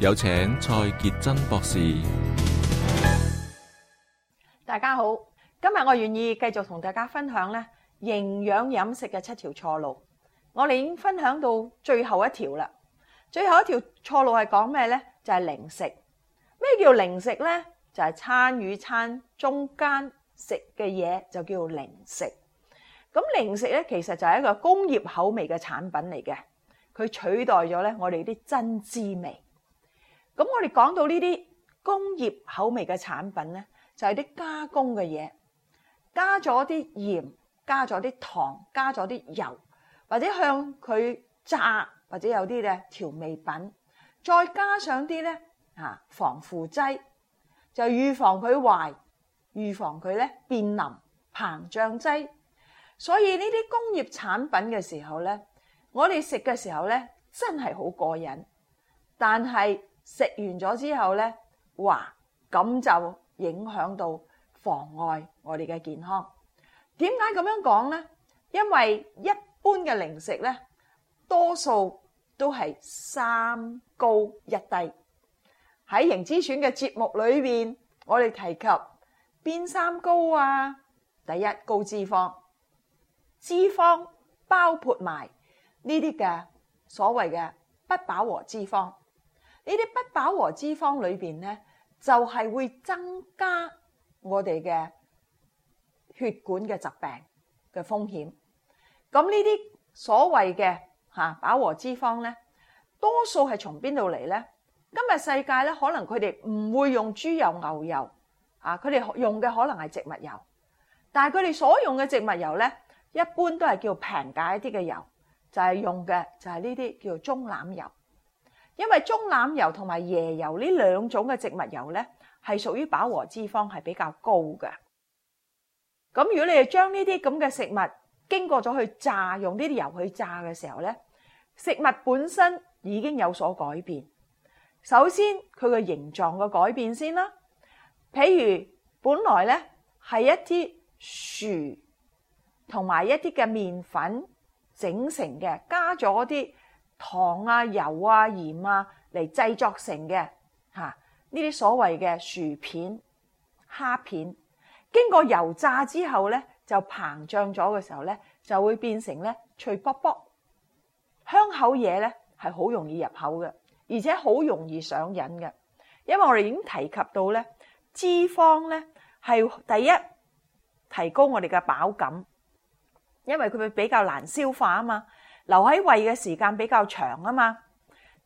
有請蔡杰珍博士。大家好，今日我願意繼續同大家分享咧營養飲食嘅七條錯路。我哋已經分享到最後一條啦。最後一條錯路係講咩咧？就係零食。咩叫零食咧？就係餐與餐中間食嘅嘢就叫零食。咁零食咧，其實就係一個工業口味嘅產品嚟嘅，佢取代咗咧我哋啲真滋味。咁我哋講到呢啲工業口味嘅產品呢，就係啲加工嘅嘢，加咗啲鹽，加咗啲糖，加咗啲油，或者向佢炸，或者有啲咧調味品，再加上啲咧啊防腐劑，就預防佢壞，預防佢咧變淋膨脹劑。所以呢啲工業產品嘅時候呢，我哋食嘅時候呢，真係好過癮，但係，食完咗之後呢，哇！咁就影響到妨礙我哋嘅健康。點解咁樣講呢？因為一般嘅零食呢，多數都係三高一低。喺營之選嘅節目裏面，我哋提及邊三高啊？第一高脂肪，脂肪包括埋呢啲嘅所謂嘅不飽和脂肪。呢啲不飽和脂肪裏邊咧，就係會增加我哋嘅血管嘅疾病嘅風險。咁呢啲所謂嘅嚇飽和脂肪咧，多數係從邊度嚟咧？今日世界咧，可能佢哋唔會用豬油、牛油，啊，佢哋用嘅可能係植物油，但係佢哋所用嘅植物油咧，一般都係叫平價一啲嘅油，就係用嘅就係呢啲叫做棕櫚油。因為棕櫚油同埋椰油呢兩種嘅植物油咧，係屬於飽和脂肪，係比較高嘅。咁如果你哋將呢啲咁嘅食物經過咗去炸，用呢啲油去炸嘅時候咧，食物本身已經有所改變。首先佢嘅形狀嘅改變先啦，譬如本來咧係一啲薯同埋一啲嘅麵粉整成嘅，加咗啲。糖啊、油啊、鹽啊，嚟製作成嘅嚇，呢啲所謂嘅薯片、蝦片，經過油炸之後呢，就膨脹咗嘅時候呢，就會變成呢脆卜卜、香口嘢，呢係好容易入口嘅，而且好容易上癮嘅。因為我哋已經提及到呢脂肪呢係第一提高我哋嘅飽感，因為佢會比較難消化啊嘛。留喺胃嘅時間比較長啊嘛。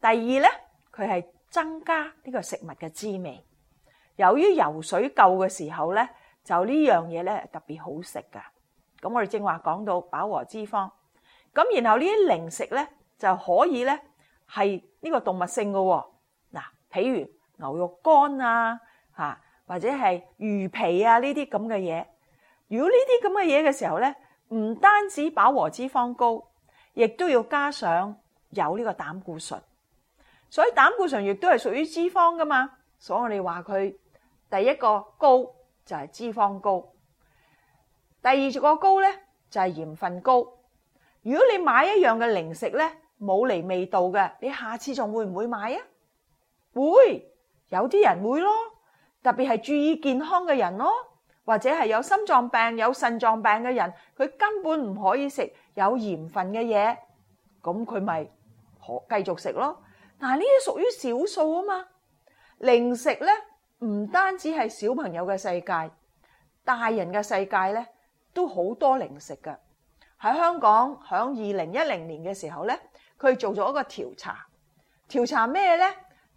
第二咧，佢係增加呢個食物嘅滋味。由於油水夠嘅時候咧，就呢樣嘢咧特別好食噶。咁我哋正話講到飽和脂肪，咁然後呢啲零食咧就可以咧係呢個動物性嘅喎。嗱，譬如牛肉乾啊嚇，或者係魚皮啊呢啲咁嘅嘢。如果呢啲咁嘅嘢嘅時候咧，唔單止飽和脂肪高。亦都要加上有呢個膽固醇，所以膽固醇亦都係屬於脂肪噶嘛，所以我哋話佢第一個高就係脂肪高，第二個高呢就係鹽分高。如果你買一樣嘅零食呢，冇嚟味道嘅，你下次仲會唔會買啊？會，有啲人會咯，特別係注意健康嘅人咯。或者係有心臟病、有腎臟病嘅人，佢根本唔可以食有鹽分嘅嘢，咁佢咪可繼續食咯？但係呢啲屬於少數啊嘛。零食呢，唔單止係小朋友嘅世界，大人嘅世界呢都好多零食㗎。喺香港，響二零一零年嘅時候呢，佢做咗一個調查，調查咩呢？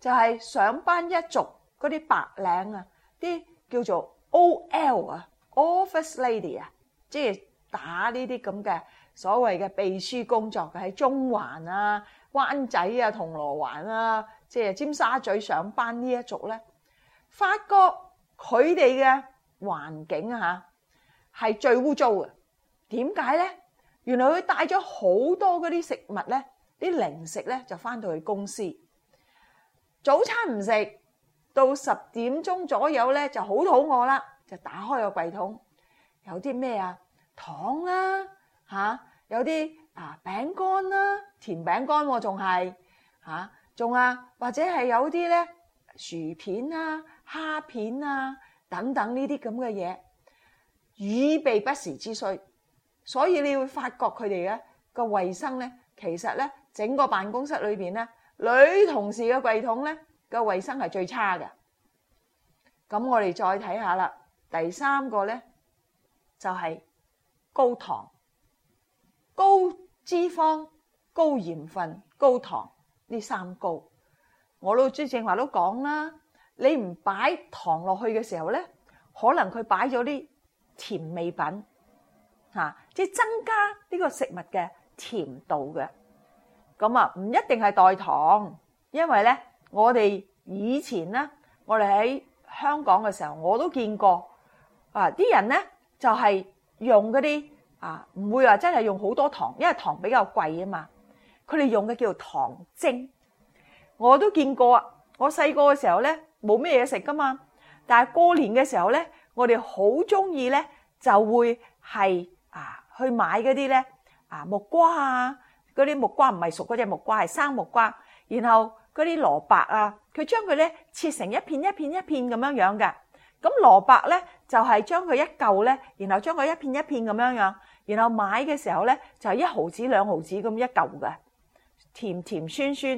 就係上班一族嗰啲白領啊，啲叫做，OL 啊，office lady 啊，即係打呢啲咁嘅所謂嘅秘書工作嘅喺中環啊、灣仔啊、銅鑼灣啊，即係尖沙咀上班呢一族咧，發覺佢哋嘅環境啊嚇係最污糟嘅。點解咧？原來佢帶咗好多嗰啲食物咧，啲零食咧就翻到去公司，早餐唔食。到十點鐘左右咧，就好肚餓啦，就打開個櫃桶，有啲咩啊糖啦嚇，有啲啊餅乾啦，甜餅乾喎，仲係嚇，仲啊或者係有啲咧薯片啊、蝦片啊等等呢啲咁嘅嘢，以備不時之需。所以你會發覺佢哋咧個衞生咧，其實咧整個辦公室裏邊咧，女同事嘅櫃桶咧。個衞生係最差嘅。咁我哋再睇下啦。第三個咧就係高糖、高脂肪、高鹽分、高糖呢三高。我老朱正話都講啦，你唔擺糖落去嘅時候咧，可能佢擺咗啲甜味品嚇，即係增加呢個食物嘅甜度嘅。咁啊，唔一定係代糖，因為咧。我哋以前咧，我哋喺香港嘅時候，我都見過啊！啲人咧就係用嗰啲啊，唔會話真係用好多糖，因為糖比較貴啊嘛。佢哋用嘅叫糖精，我都見過啊。我細個嘅時候咧，冇咩嘢食噶嘛，但係過年嘅時候咧，我哋好中意咧，就會係啊去買嗰啲咧啊木瓜啊，嗰啲木瓜唔係熟嗰隻木瓜，係生木瓜，然後。嗰啲蘿蔔啊，佢將佢咧切成一片一片一片咁樣樣嘅。咁蘿蔔咧就係將佢一嚿咧，然後將佢一片一片咁樣樣，然後買嘅時候咧就係一毫紙兩毫紙咁一嚿嘅，甜甜酸酸。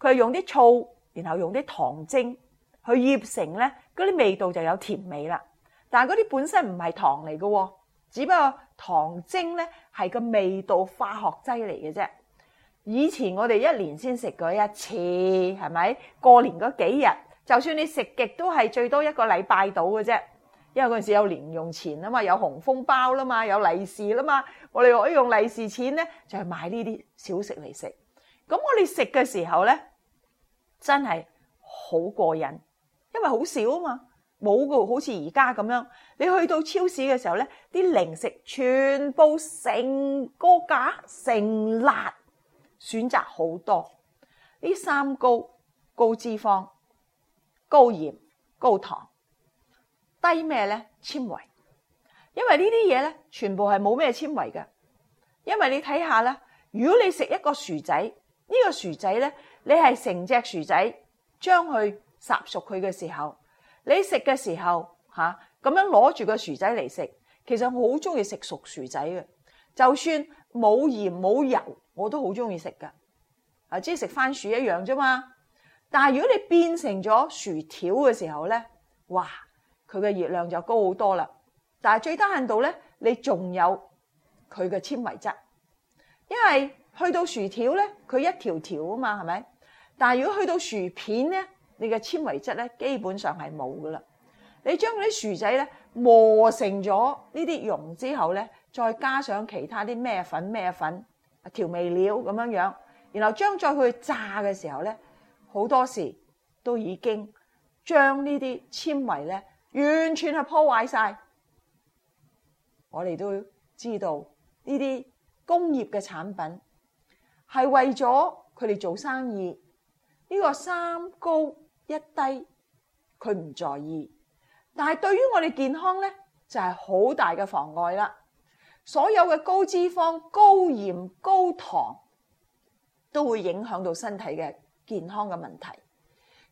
佢係用啲醋，然後用啲糖精去醃成咧，嗰啲味道就有甜味啦。但嗰啲本身唔係糖嚟嘅，只不過糖精咧係個味道化學劑嚟嘅啫。以前我哋一年先食過一次，係咪過年嗰幾日？就算你食極都係最多一個禮拜到嘅啫。因為嗰陣時有零用錢啊嘛，有紅封包啦嘛，有利是啦嘛。我哋可以用利是錢咧，就係買呢啲小食嚟食。咁我哋食嘅時候咧，真係好過癮，因為好少啊嘛，冇個好似而家咁樣。你去到超市嘅時候咧，啲零食全部成個價，成辣。選擇好多呢，三高：高脂肪、高鹽、高糖，低咩呢？纖維，因為呢啲嘢呢，全部係冇咩纖維嘅。因為你睇下呢，如果你食一個薯仔，呢、呢個薯仔呢，你係成隻薯仔將佢烚熟佢嘅時候，你食嘅時候吓，咁樣攞住個薯仔嚟食，其實我好中意食熟薯仔嘅，就算冇鹽冇油，我都好中意食噶，啊，即係食番薯一樣啫嘛。但係如果你變成咗薯條嘅時候咧，哇，佢嘅熱量就高好多啦。但係最低限度咧，你仲有佢嘅纖維質，因為去到薯條咧，佢一條條啊嘛，係咪？但係如果去到薯片咧，你嘅纖維質咧基本上係冇噶啦。你將啲薯仔咧磨成咗呢啲蓉之後咧，再加上其他啲咩粉、咩粉。什麼粉調味料咁樣樣，然後將再去炸嘅時候呢，好多時都已經將呢啲纖維呢完全係破壞晒。我哋都知道呢啲工業嘅產品係為咗佢哋做生意，呢個三高一低佢唔在意，但係對於我哋健康呢，就係好大嘅妨礙啦。所有嘅高脂肪、高鹽、高糖都會影響到身體嘅健康嘅問題。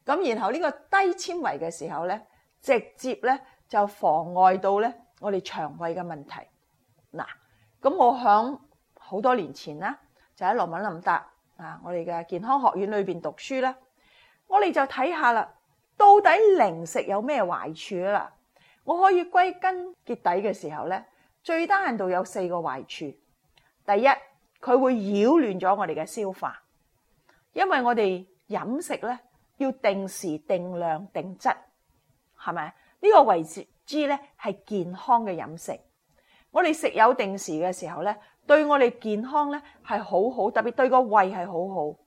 咁然後呢個低纖維嘅時候咧，直接咧就妨礙到咧我哋腸胃嘅問題。嗱，咁我響好多年前啦，就喺羅文林達啊，我哋嘅健康學院裏邊讀書啦，我哋就睇下啦，到底零食有咩壞處啦？我可以歸根結底嘅時候咧。最低限度有四個壞處。第一，佢會擾亂咗我哋嘅消化，因為我哋飲食咧要定時、定量、定質，係咪？呢個謂之咧係健康嘅飲食。我哋食有定時嘅時候咧，對我哋健康咧係好好，特別對個胃係好好。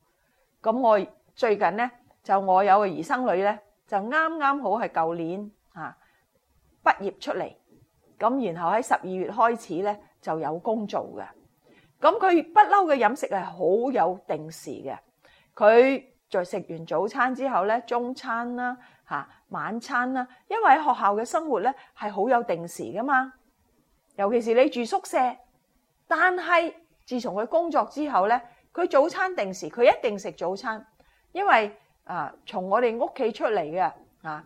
咁我最近咧就我有個兒生女咧，就啱啱好係舊年啊畢業出嚟。咁然後喺十二月開始咧就有工做嘅，咁佢不嬲嘅飲食係好有定時嘅。佢在食完早餐之後咧，中餐啦嚇晚餐啦，因為喺學校嘅生活咧係好有定時㗎嘛。尤其是你住宿舍，但係自從佢工作之後咧，佢早餐定時，佢一定食早餐，因為啊，從我哋屋企出嚟嘅啊。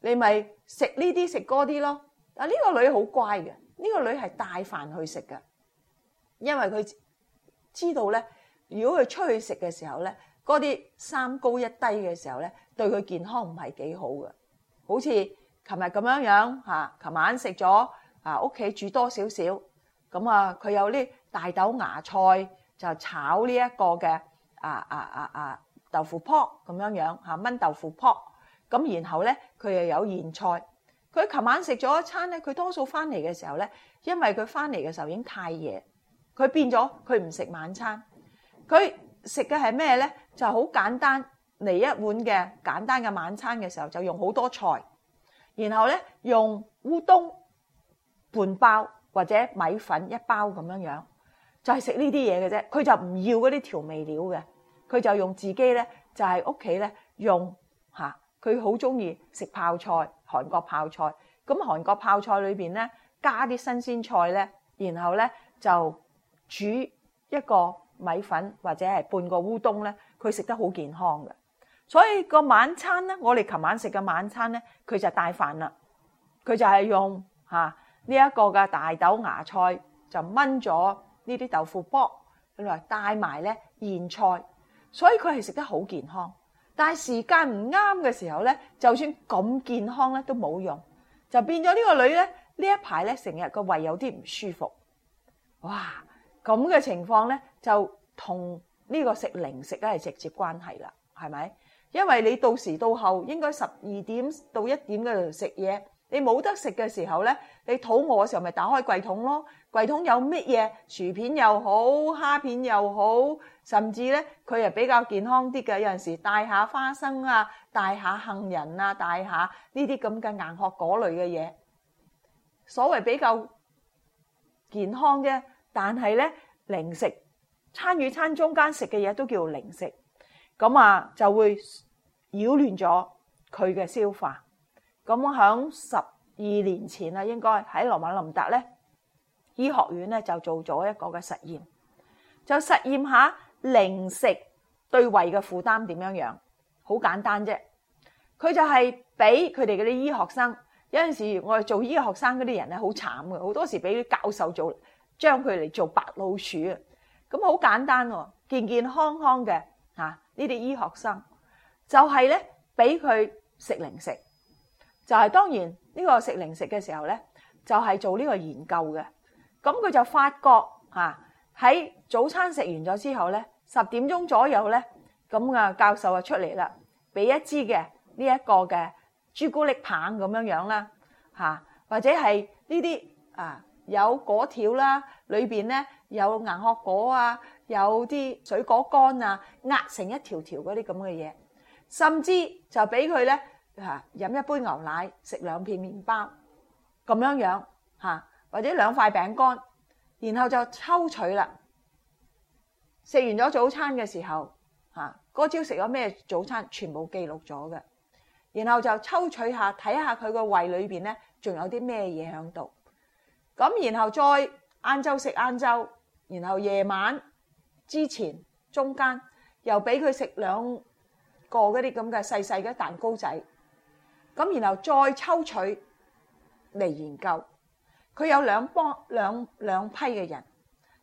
你咪食呢啲食嗰啲咯，啊呢個女好乖嘅，呢個女係帶飯去食嘅，因為佢知道咧，如果佢出去食嘅時候咧，嗰啲三高一低嘅時候咧，對佢健康唔係幾好嘅，好似琴日咁樣樣嚇，琴晚食咗啊屋企煮多少少，咁啊佢有啲大豆芽菜就炒呢一個嘅啊啊啊啊豆腐泡咁樣樣嚇炆豆腐泡。咁然後咧，佢又有現菜。佢琴晚食咗一餐咧，佢多數翻嚟嘅時候咧，因為佢翻嚟嘅時候已經太夜，佢變咗佢唔食晚餐。佢食嘅係咩咧？就好簡單嚟一碗嘅簡單嘅晚餐嘅時候，就用好多菜，然後咧用烏冬半包或者米粉一包咁樣樣，就係食呢啲嘢嘅啫。佢就唔要嗰啲調味料嘅，佢就用自己咧，就係屋企咧用。佢好中意食泡菜，韓國泡菜。咁韓國泡菜裏邊咧，加啲新鮮菜咧，然後咧就煮一個米粉或者係半個烏冬咧，佢食得好健康嘅。所以個晚餐咧，我哋琴晚食嘅晚餐咧，佢就帶飯啦。佢就係用嚇呢一個嘅大豆芽菜就炆咗呢啲豆腐卜，原來帶埋咧鹽菜，所以佢係食得好健康。但係時間唔啱嘅時候呢，就算咁健康呢都冇用，就變咗呢個女呢。呢一排呢，成日個胃有啲唔舒服，哇！咁嘅情況呢，就同呢個食零食都係直接關係啦，係咪？因為你到時到後應該十二點到一點度食嘢。你冇得食嘅時候呢，你肚餓嘅時候咪打開櫃桶咯，櫃桶有乜嘢？薯片又好，蝦片又好，甚至呢佢係比較健康啲嘅。有陣時帶下花生啊，帶下杏仁啊，帶下呢啲咁嘅硬殼果類嘅嘢，所謂比較健康啫。但係呢，零食，餐與餐中間食嘅嘢都叫零食，咁啊就會擾亂咗佢嘅消化。咁喺十二年前啦，應該喺羅馬林達咧醫學院咧就做咗一個嘅實驗，就實驗下零食對胃嘅負擔點樣樣。好簡單啫，佢就係俾佢哋嗰啲醫學生有陣時，我哋做醫學生嗰啲人咧好慘嘅，好多時俾啲教授做將佢嚟做白老鼠。咁好簡單喎，健健康康嘅嚇呢啲醫學生就係咧俾佢食零食。就係當然呢個食零食嘅時候咧，就係做呢個研究嘅。咁佢就發覺嚇喺早餐食完咗之後咧，十點鐘左右咧，咁啊教授啊出嚟啦，俾一支嘅呢一個嘅朱古力棒咁樣樣啦嚇，或者係呢啲啊有果條啦，裏邊咧有硬殼果啊，有啲水果乾啊，壓成一條條嗰啲咁嘅嘢，甚至就俾佢咧。嚇！飲一杯牛奶，食兩片麵包咁樣樣嚇，或者兩塊餅乾，然後就抽取啦。食完咗早餐嘅時候嚇，嗰朝食咗咩早餐，全部記錄咗嘅。然後就抽取下睇下佢個胃裏邊咧，仲有啲咩嘢喺度。咁然後再晏晝食晏晝，然後夜晚之前中間又俾佢食兩個嗰啲咁嘅細細嘅蛋糕仔。咁，然後再抽取嚟研究。佢有兩幫、兩、兩批嘅人，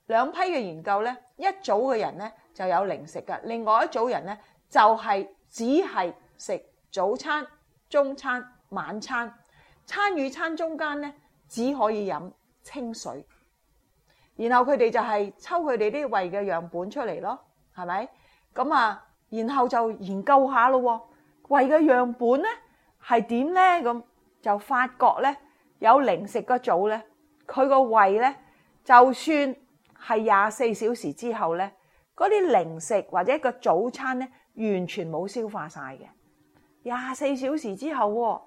兩批嘅研究呢，一組嘅人呢就有零食嘅，另外一組人呢，就係、係、只係食早餐、中餐、晚餐，餐與餐中間呢，只可以飲清水。然後佢哋就係抽佢哋啲胃嘅樣本出嚟咯，係咪咁啊？然後就研究下咯喎，胃嘅樣本呢。係點呢？咁就發覺呢，有零食嘅組咧，佢個胃呢，就算係廿四小時之後呢，嗰啲零食或者個早餐呢，完全冇消化晒嘅。廿四小時之後喎、哦，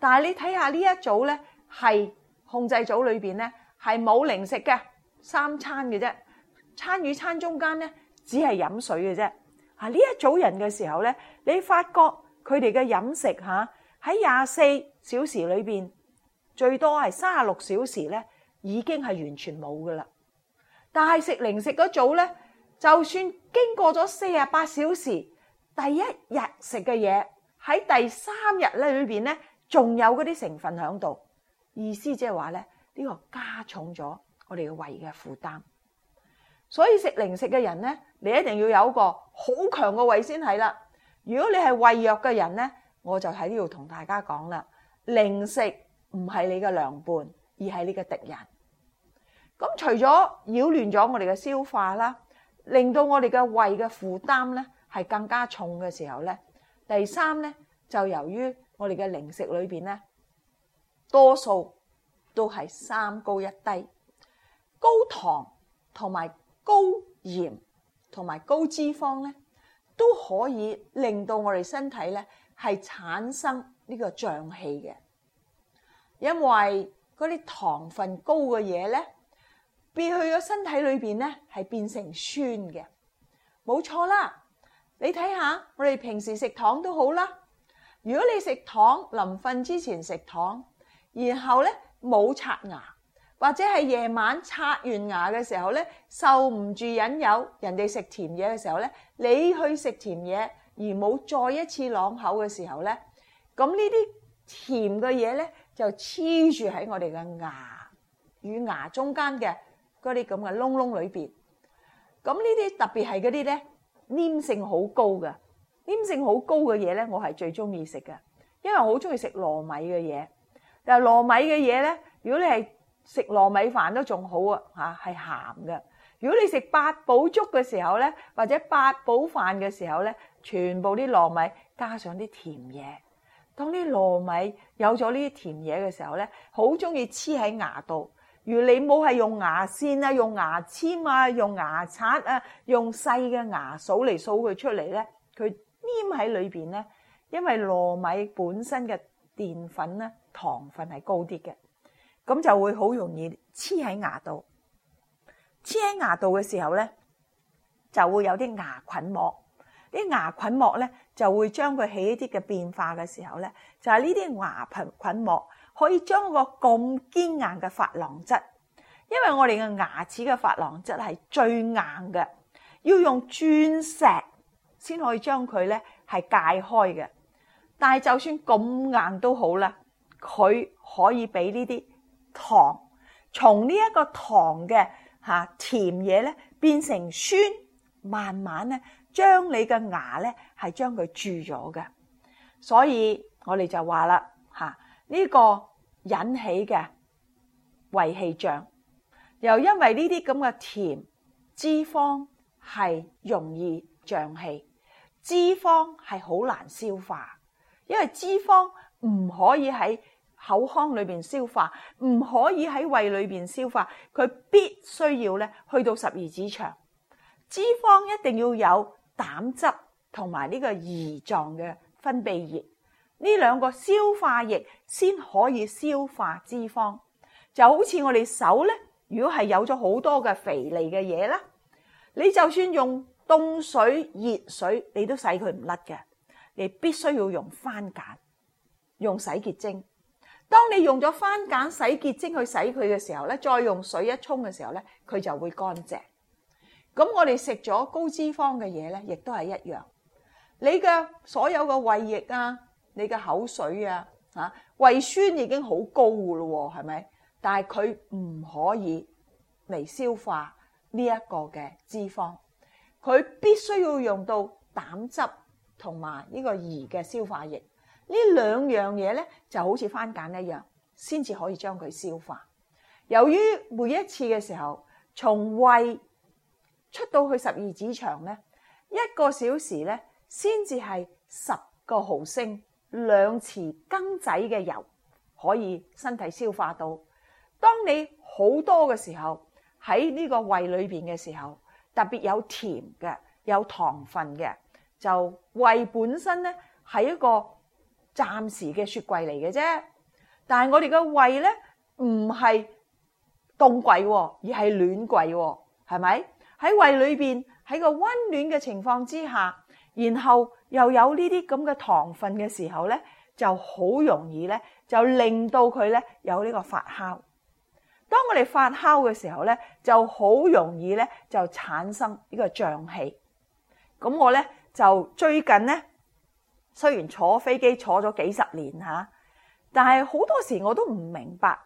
但係你睇下呢一組呢，係控制組裏邊呢，係冇零食嘅，三餐嘅啫，餐與餐中間呢，只係飲水嘅啫。啊，呢一組人嘅時候呢，你發覺佢哋嘅飲食嚇、啊。喺廿四小時裏邊，最多係三十六小時咧，已經係完全冇噶啦。但係食零食嗰組咧，就算經過咗四十八小時，第一日食嘅嘢喺第三日咧裏邊咧，仲有嗰啲成分喺度。意思即係話咧，呢個加重咗我哋嘅胃嘅負擔。所以食零食嘅人咧，你一定要有一個好強嘅胃先係啦。如果你係胃弱嘅人咧，我就喺呢度同大家講啦，零食唔係你嘅良伴，而係你嘅敵人。咁除咗擾亂咗我哋嘅消化啦，令到我哋嘅胃嘅負擔咧係更加重嘅時候咧，第三咧就由於我哋嘅零食裏邊咧多數都係三高一低，高糖同埋高鹽同埋高脂肪咧都可以令到我哋身體咧。係產生呢個脹氣嘅，因為嗰啲糖分高嘅嘢呢，別去咗身體裏邊呢，係變成酸嘅，冇錯啦。你睇下我哋平時食糖都好啦。如果你食糖，臨瞓之前食糖，然後呢冇刷牙，或者係夜晚刷完牙嘅時候呢，受唔住引誘，人哋食甜嘢嘅時候呢，你去食甜嘢。而冇再一次啷口嘅時候咧，咁呢啲甜嘅嘢咧就黐住喺我哋嘅牙與牙中間嘅嗰啲咁嘅窿窿裏邊。咁呢啲特別係嗰啲咧黏性好高嘅，黏性好高嘅嘢咧，我係最中意食嘅，因為我好中意食糯米嘅嘢。但係糯米嘅嘢咧，如果你係食糯米飯都仲好啊嚇，係鹹嘅。如果你食八寶粥嘅時候呢，或者八寶飯嘅時候呢，全部啲糯米加上啲甜嘢，當啲糯米有咗呢啲甜嘢嘅時候呢，好中意黐喺牙度。如你冇係用牙線啊、用牙籤啊、用牙刷啊、用細嘅牙掃嚟掃佢出嚟呢，佢黏喺裏邊呢，因為糯米本身嘅澱粉呢，糖分係高啲嘅，咁就會好容易黐喺牙度。黐喺牙度嘅時候咧，就會有啲牙菌膜。啲牙菌膜咧就會將佢起一啲嘅變化嘅時候咧，就係呢啲牙菌膜可以將個咁堅硬嘅琺瑯質，因為我哋嘅牙齒嘅琺瑯質係最硬嘅，要用鑽石先可以將佢咧係解開嘅。但係就算咁硬都好啦，佢可以俾呢啲糖從呢一個糖嘅。嚇甜嘢咧變成酸，慢慢咧將你嘅牙咧係將佢蛀咗嘅，所以我哋就話啦嚇，呢個引起嘅胃氣脹，又因為呢啲咁嘅甜脂肪係容易脹氣，脂肪係好難消化，因為脂肪唔可以喺。口腔裏面消化唔可以喺胃裏面消化，佢必須要咧去到十二指腸。脂肪一定要有膽汁同埋呢個胰臟嘅分泌液，呢兩個消化液先可以消化脂肪。就好似我哋手咧，如果係有咗好多嘅肥膩嘅嘢啦，你就算用凍水、熱水，你都洗佢唔甩嘅，你必須要用番梘、用洗潔精。當你用咗番梘、洗潔精去洗佢嘅時候咧，再用水一沖嘅時候咧，佢就會乾淨。咁我哋食咗高脂肪嘅嘢咧，亦都係一樣。你嘅所有嘅胃液啊，你嘅口水啊，吓胃酸已經好高噶喎、哦，係咪？但係佢唔可以嚟消化呢一個嘅脂肪，佢必須要用到膽汁同埋呢個胰嘅消化液。呢兩樣嘢咧，就好似番梘一樣，先至可以將佢消化。由於每一次嘅時候，從胃出到去十二指腸呢，一個小時呢，先至係十個毫升兩匙羹仔嘅油可以身體消化到。當你好多嘅時候喺呢個胃裏面嘅時候，特別有甜嘅有糖分嘅，就胃本身呢，係一個。暫時嘅雪櫃嚟嘅啫，但係我哋嘅胃呢，唔係凍櫃，而係暖櫃，係咪？喺胃裏邊，喺個温暖嘅情況之下，然後又有呢啲咁嘅糖分嘅時候呢，就好容易呢，就令到佢呢有呢個發酵。當我哋發酵嘅時候呢，就好容易呢，就產生呢個脹氣。咁我呢，就最近呢。雖然坐飛機坐咗幾十年嚇，但係好多時我都唔明白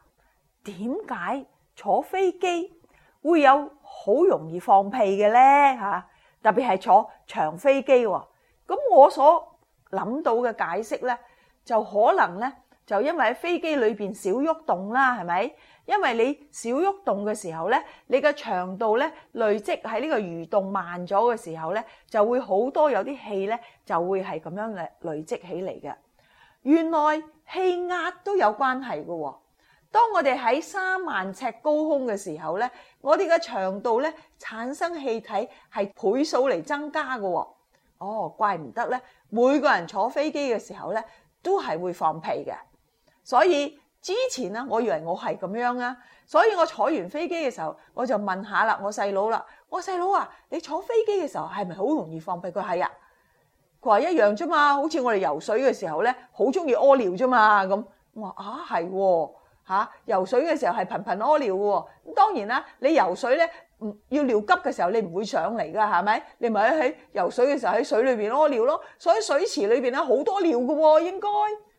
點解坐飛機會有好容易放屁嘅呢？嚇，特別係坐長飛機喎。咁我所諗到嘅解釋呢，就可能呢，就因為喺飛機裏邊少喐動啦，係咪？因為你少喐動嘅時候咧，你嘅腸道咧累積喺呢個蠕動慢咗嘅時候咧，就會好多有啲氣咧就會係咁樣累累積起嚟嘅。原來氣壓都有關係嘅。當我哋喺三萬尺高空嘅時候咧，我哋嘅腸道咧產生氣體係倍數嚟增加嘅。哦，怪唔得咧，每個人坐飛機嘅時候咧都係會放屁嘅，所以。之前咧，我以為我係咁樣啊，所以我坐完飛機嘅時候，我就問下啦，我細佬啦，我細佬啊，你坐飛機嘅時候係咪好容易放屁？佢係啊，佢話一樣啫嘛，好似我哋游水嘅時候咧，好中意屙尿啫嘛咁。我話啊係喎嚇，游水嘅時候係頻頻屙尿喎。當然啦，你游水咧，唔要尿急嘅時候你不的，你唔會上嚟噶，係咪？你咪喺游水嘅時候喺水裏邊屙尿咯。所以水池裏邊咧好多尿嘅喎，應該。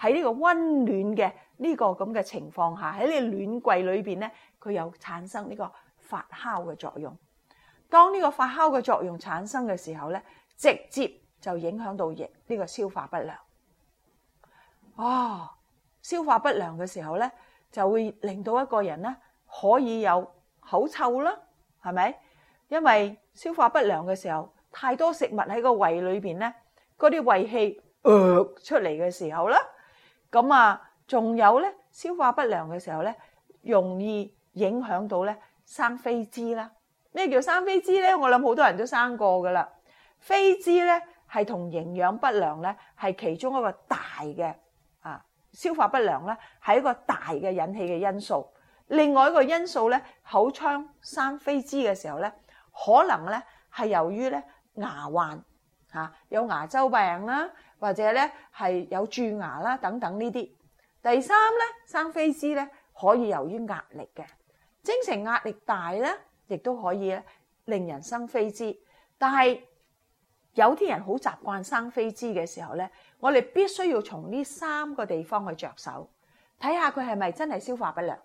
喺呢個溫暖嘅呢個咁嘅情況下，喺呢個暖季裏邊咧，佢有產生呢個發酵嘅作用。當呢個發酵嘅作用產生嘅時候咧，直接就影響到嘅呢個消化不良哦！消化不良嘅時候咧，就會令到一個人咧可以有口臭啦，係咪？因為消化不良嘅時候太多食物喺個胃裏邊咧，嗰啲胃氣呃出嚟嘅時候啦。咁啊，仲有咧，消化不良嘅時候咧，容易影響到咧生飛滋啦。咩叫生飛滋咧？我諗好多人都生過噶啦。飛滋咧係同營養不良咧係其中一個大嘅啊，消化不良咧係一個大嘅引起嘅因素。另外一個因素咧，口腔生飛滋嘅時候咧，可能咧係由於咧牙患。嚇，有牙周病啦，或者咧係有蛀牙啦，等等呢啲。第三咧，生飛滋咧，可以由於壓力嘅，精神壓力大咧，亦都可以咧令人生飛滋。但係有啲人好習慣生飛滋嘅時候咧，我哋必須要從呢三個地方去着手，睇下佢係咪真係消化不良。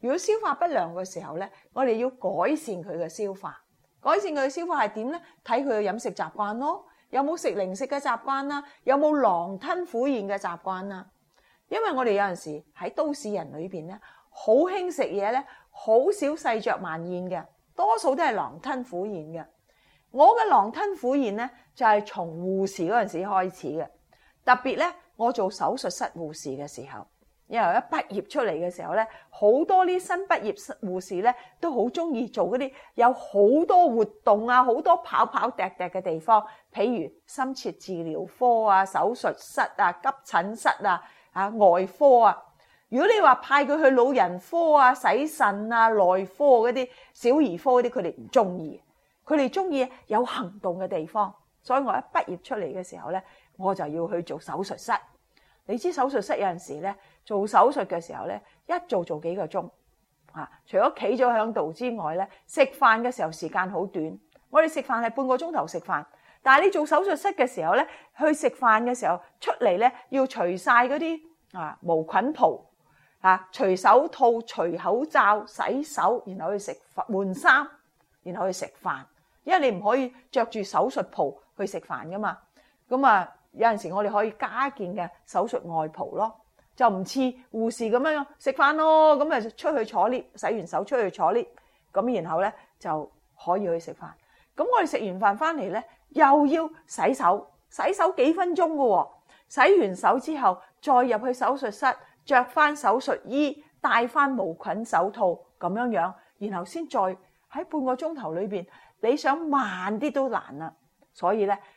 如果消化不良嘅時候咧，我哋要改善佢嘅消化，改善佢嘅消化係點咧？睇佢嘅飲食習慣咯。有冇食零食嘅習慣啦？有冇狼吞虎嚥嘅習慣啦？因為我哋有陣時喺都市人裏邊咧，好興食嘢咧，好少細嚼慢嚥嘅，多數都係狼吞虎嚥嘅。我嘅狼吞虎嚥咧，就係從護士嗰陣時開始嘅，特別咧，我做手術室護士嘅時候。因為一畢業出嚟嘅時候咧，好多啲新畢業護士咧都好中意做嗰啲有好多活動啊、好多跑跑趯趯嘅地方，譬如深切治療科啊、手術室啊、急診室啊、啊外科啊。如果你話派佢去老人科啊、洗腎啊、內科嗰啲、小兒科嗰啲，佢哋唔中意，佢哋中意有行動嘅地方。所以我一畢業出嚟嘅時候咧，我就要去做手術室。你知手術室有陣時咧，做手術嘅時候咧，一做做幾個鐘啊！除咗企咗喺度之外咧，食飯嘅時候時間好短。我哋食飯係半個鐘頭食飯，但係你做手術室嘅時候咧，去食飯嘅時候出嚟咧，要除晒嗰啲啊無菌袍啊，除手套、除口罩、洗手，然後去食換衫，然後去食飯，因為你唔可以着住手術袍去食飯㗎嘛。咁啊～有陣時我哋可以加件嘅手術外袍咯，就唔似護士咁樣樣食飯咯，咁啊出去坐 lift，洗完手出去坐 lift，咁然後咧就可以去食飯。咁我哋食完飯翻嚟咧，又要洗手，洗手幾分鐘噶喎。洗完手之後，再入去手術室，着翻手術衣，戴翻無菌手套咁樣樣，然後先再喺半個鐘頭裏邊，你想慢啲都難啦。所以咧。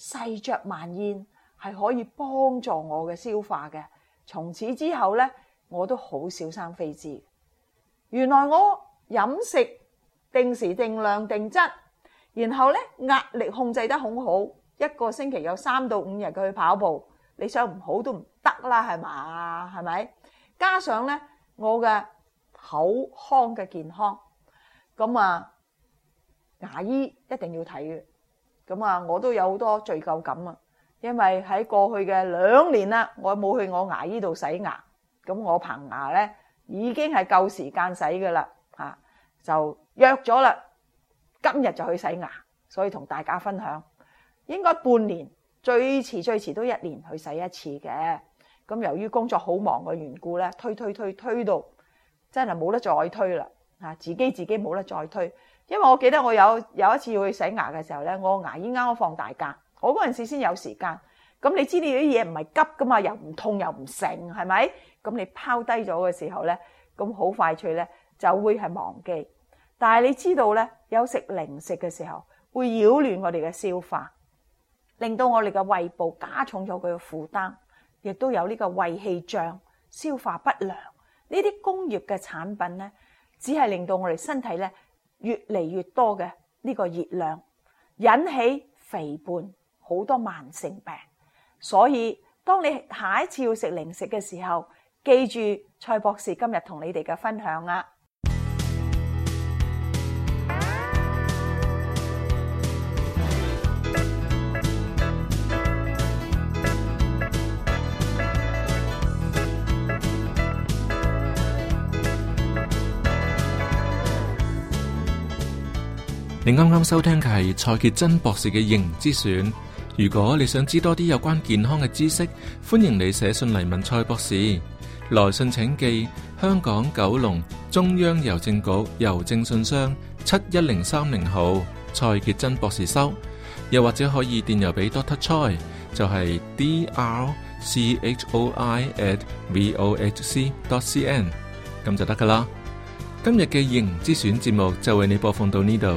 細嚼慢咽係可以幫助我嘅消化嘅。從此之後呢，我都好少生痱滋。原來我飲食定時、定量、定質，然後呢壓力控制得好好，一個星期有三到五日佢去跑步，你想唔好都唔得啦，係嘛？係咪？加上呢我嘅口腔嘅健康，咁啊牙醫一定要睇嘅。咁啊，我都有好多罪疚感啊！因為喺過去嘅兩年啦，我冇去我牙醫度洗牙，咁我棚牙咧已經係夠時間洗㗎啦，吓，就約咗啦，今日就去洗牙，所以同大家分享，應該半年最遲最遲都一年去洗一次嘅。咁由於工作好忙嘅緣故咧，推推推推到真係冇得再推啦，吓，自己自己冇得再推。因為我記得我有有一次要去洗牙嘅時候咧，我牙醫啱啱放大假，我嗰陣時先有時間。咁你知你啲嘢唔係急噶嘛，又唔痛又唔成，係咪？咁你拋低咗嘅時候咧，咁好快脆咧就會係忘記。但係你知道咧，有食零食嘅時候會擾亂我哋嘅消化，令到我哋嘅胃部加重咗佢嘅負擔，亦都有呢個胃氣脹、消化不良。呢啲工業嘅產品咧，只係令到我哋身體咧。.越嚟越多嘅呢個熱量引起肥胖，好多慢性病。所以當你下一次要食零食嘅時候，記住蔡博士今日同你哋嘅分享啊。你啱啱收聽嘅係蔡杰真博士嘅型之選。如果你想知多啲有關健康嘅知識，歡迎你寫信嚟問蔡博士。來信請寄香港九龍中央郵政局郵政信箱七一零三零號蔡杰真博士收。又或者可以電郵俾 Dr. Choi，就係 d r c h o i at v o h c dot c n，咁就得噶啦。今日嘅型之選節目就為你播放到呢度。